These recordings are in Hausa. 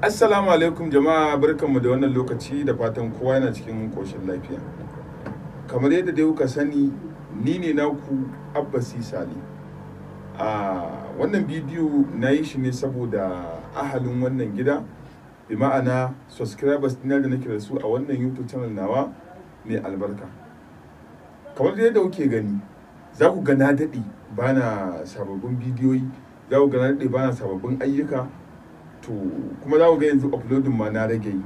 Assalamu alaikum jama'a barkanmu da wannan lokaci da fatan kowa yana cikin koshin lafiya. Kamar yadda dai kuka sani ni ne naku Abbasi Sali. A wannan bidiyo na yi shi ne saboda ahalin wannan gida bi ma'ana subscribers da nake da su a wannan YouTube channel nawa mai albarka. Kamar yadda kuke gani za ku ga na daɗe bana sababbin bidiyoyi za ku ga na daɗe bana sababbin ayyuka to kuma za ku ga yanzu uploadin ma na rage yi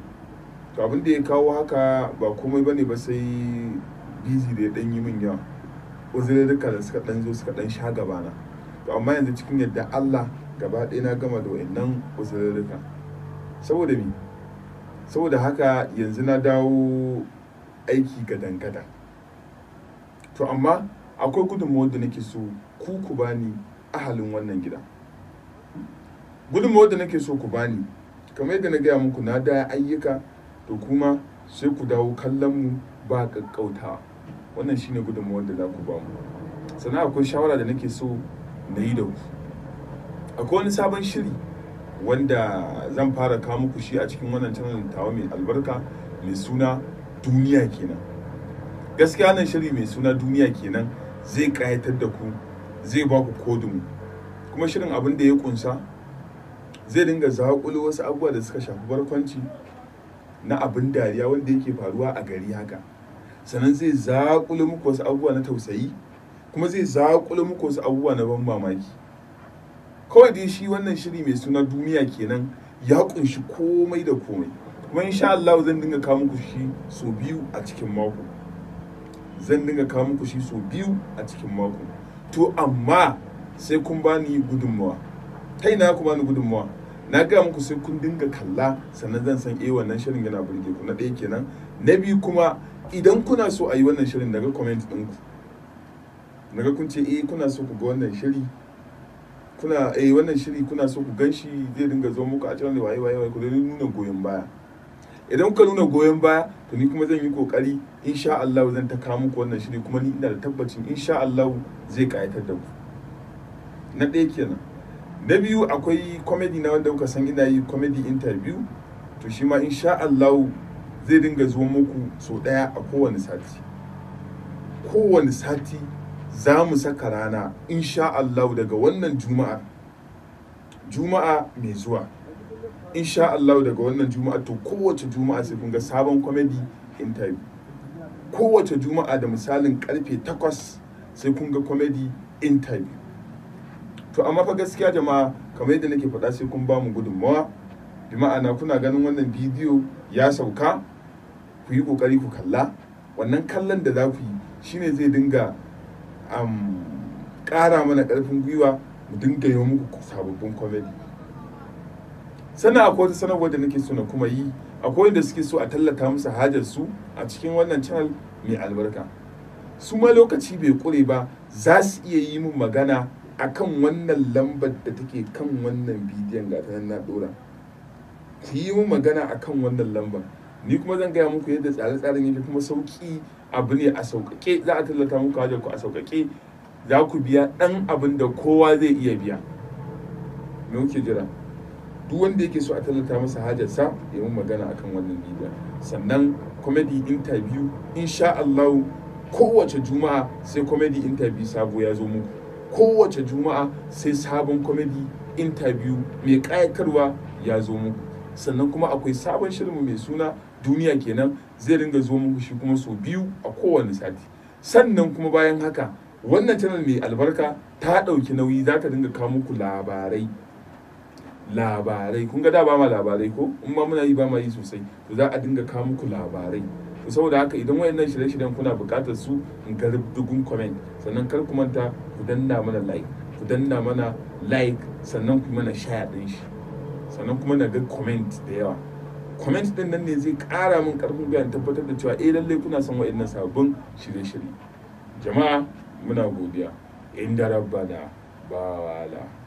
to abin da ya kawo haka ba komai bane ba sai busy da ya dan yi min yawa duka da suka dan zo suka dan sha gabana to amma yanzu cikin yadda Allah gaba ɗaya na gama da wayannan uzurruka saboda me saboda haka yanzu na dawo aiki gadan dangada to amma akwai gudunmawar da nake so ku ku bani ahalin wannan gida gudunmawar da nake so ku bani kamar yadda na gaya muku na da ayyuka to kuma sai ku dawo kallon mu ba kakkautawa wannan shine gudunmawar da za ku ba mu akwai shawara da nake so na yi da ku akwai wani sabon shiri wanda zan fara kawo muku shi a cikin wannan channel tawa mai albarka mai suna duniya kenan gaskiya wannan shiri mai suna duniya kenan zai kayatar da ku zai ba ku kodin kuma shirin abin da ya kunsa zai dinga zaƙulu wasu abubuwa da suka shafi barkwanci na abin dariya wanda yake faruwa a gari haka sannan zai zaƙulu muku wasu abubuwa na tausayi kuma zai zaƙulu muku wasu abubuwa na ban mamaki kawai dai shi wannan shiri mai suna duniya kenan ya kunshi komai da komai kuma insha Allah zan dinga kawo muku shi so biyu a cikin mako zan dinga kawo muku shi so biyu a cikin mako to amma sai kun bani gudunmawa ta ina ku bani gudunmawa na gaya muku sai kun dinga kalla sannan zan san eh wannan shirin yana burge ku na ɗaya kenan na biyu kuma idan kuna so a yi wannan shirin naga comment din ku naga kun ce eh kuna so ku ga wannan shiri kuna eh wannan shiri kuna so ku ganshi zai dinga zo muku a cikin waye waye ku dai nuna goyon baya idan kuka nuna goyon baya to ni kuma zan yi kokari insha Allah zan ta kawo muku wannan shiri kuma ni ina da tabbacin insha Allah zai kayatar da ku na ɗaya kenan na biyu akwai comedy na wanda kuka san ina yi comedy interview to shi ma insha Allah zai dinga zuwa muku sau ɗaya a kowane sati kowane sati za mu saka rana insha Allah daga wannan juma'a juma'a mai zuwa insha Allah daga wannan juma'a to kowace juma'a sai kun ga sabon comedy interview kowace juma'a da misalin karfe 8 sai kun ga comedy interview to amma fa gaskiya jama'a kamar yadda nake faɗa sai kun ba mu gudunmawa bi ma'ana kuna ganin wannan bidiyo ya sauka ku yi ƙoƙari ku kalla wannan kallon da za ku yi shine zai dinga ƙara mana ƙarfin gwiwa mu dinga yi muku sababbin comedy sannan akwai wata sanarwar da nake so na kuma yi akwai wanda suke so a tallata musu hajar su a cikin wannan channel mai albarka su ma lokaci bai kure ba za su iya yi mun magana akan wannan lambar da take kan wannan bidiyon ga ta na dora ku yi mu magana akan wannan lambar ni kuma zan gaya muku yadda tsare-tsaren yake kuma sauki abu ne a sauƙaƙe za a tallata muku hajar ku a sauƙaƙe za ku biya ɗan abin da kowa zai iya biya me kuke jira duk wanda yake so a tallata masa hajarsa ya yi magana akan wannan bidiyon sannan comedy interview insha Allah kowace juma'a sai comedy interview sabo ya zo muku kowace juma'a sai sabon comedy interview mai kayakarwa ya zo muku sannan kuma akwai sabon shirinmu mai suna duniya kenan zai ringa zo muku shi kuma sau biyu a kowane sati sannan kuma bayan haka wannan channel mai albarka ta dauki nauyi za ta dinga kawo muku labarai labarai kun ga da ba ma labarai ko in ma muna yi ba ma yi sosai to za a dinga kawo muku labarai saboda haka idan wayannan shirye-shiryen kuna buƙatar su in ga dugun comment sannan kar ku manta ku danna mana like ku danna mana like sannan ku mana share din shi sannan kuma na ga comment da yawa comment din nan ne zai ƙara min ƙarfin gwiwa tabbatar da cewa eh lallai kuna son wayannan sabbin shirye-shirye jama'a muna godiya inda rabbana ba